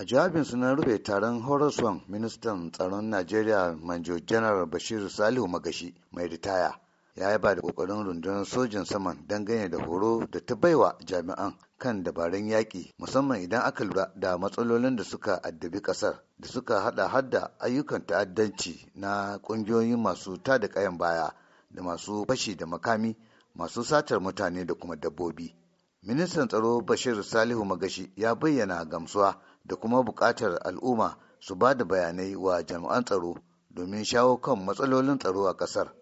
a jawabin sunan rufe taron horaswan ministan tsaron najeriya manjo general bashir salihu magashi mai ritaya ya ba da kokarin rundunar sojin saman dangane da horo da ta baiwa jami'an kan dabarun yaƙi musamman idan aka lura da matsalolin da suka addabi ƙasar da suka hada hadda ayyukan ta'addanci na ƙungiyoyi masu tada kayan baya da masu fashi da makami masu satar mutane da kuma dabbobi ministan tsaro bashir salihu magashi ya bayyana gamsuwa da kuma buƙatar al'umma su ba da bayanai wa jami'an tsaro domin shawo kan matsalolin tsaro a ƙasar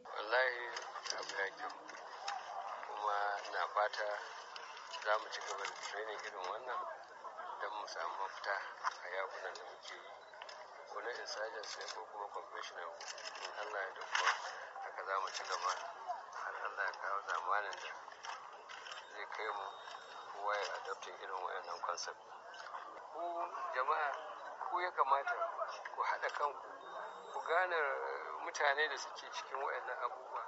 fata za mu ci gaba da training irin wannan don mu samu mafita a yakunan muke yi ko na insurgents ne ko kuma conventional in allah ya da kuma haka za mu ci gaba har allah ya kawo zamanin da zai kai mu waye adaptin irin wayannan concept ku jama'a ku ya kamata ku haɗa kanku ku gane mutane da suke cikin wayannan abubuwa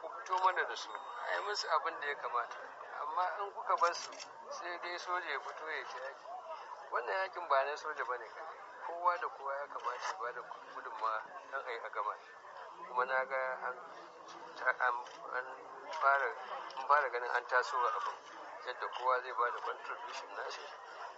ku fito mana da su a yi musu abin da ya kamata amma in kuka bar su sai dai soja ya fito ya ci yaki wannan yakin ba na soja bane kadai kowa da kowa ya kamata ya bada gudunmawa don a yi a gama kuma na ga an an fara ganin an taso yadda kowa zai ba da contribution nashi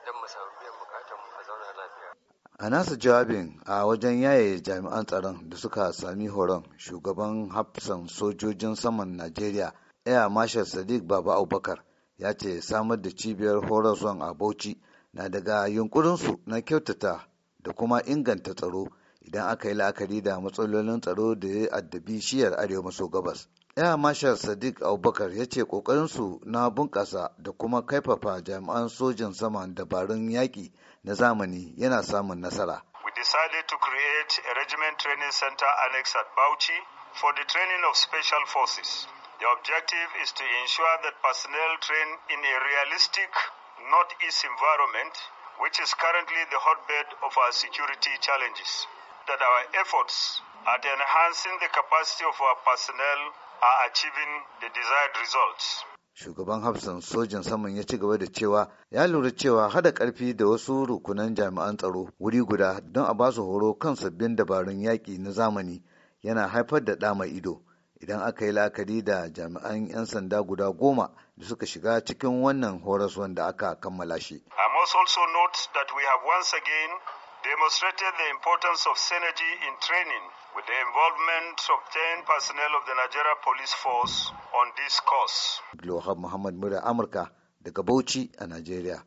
don mu a zauna lafiya. A nasa jawabin a wajen yaye jami'an tsaron da suka sami horon shugaban hafsan sojojin saman Najeriya Air Marshal Sadiq Baba Abubakar ya ce samar da cibiyar horon a Bauchi na daga yunkurinsu na kyautata da kuma inganta tsaro idan aka yi la'akari da matsalolin tsaro da ya addabi shiyar arewa maso gabas. ya Marshal Sadiq Abubakar ya ce ƙoƙarinsu na bunƙasa da kuma kaifafa jami'an sojin sama dabarun yaƙi na zamani yana samun nasara. We decided to create a regiment training center annex at Bauchi for the training of special forces. The objective is to ensure that personnel train in a realistic Northeast environment, which is currently the hotbed of our security challenges. that our efforts at enhancing the capacity of our personnel are achieving the desired results. Shugaban Hafsan sojan saman ya ci gaba da cewa ya lura cewa hada karfi da wasu rukunan jami'an tsaro wuri guda don a basu horo kan sabbin dabarun yaƙi na zamani yana haifar da ɗama ido idan aka yi la'akari da jami'an 'yan sanda guda goma da suka shiga cikin wannan horas wanda aka kammala shi. I must also note that we have once again demonstrated the importance of synergy in training with the involvement of 10 personnel of the Nigeria Police Force on this course. Muhammad Mura Amurka daga Bauchi a Nigeria.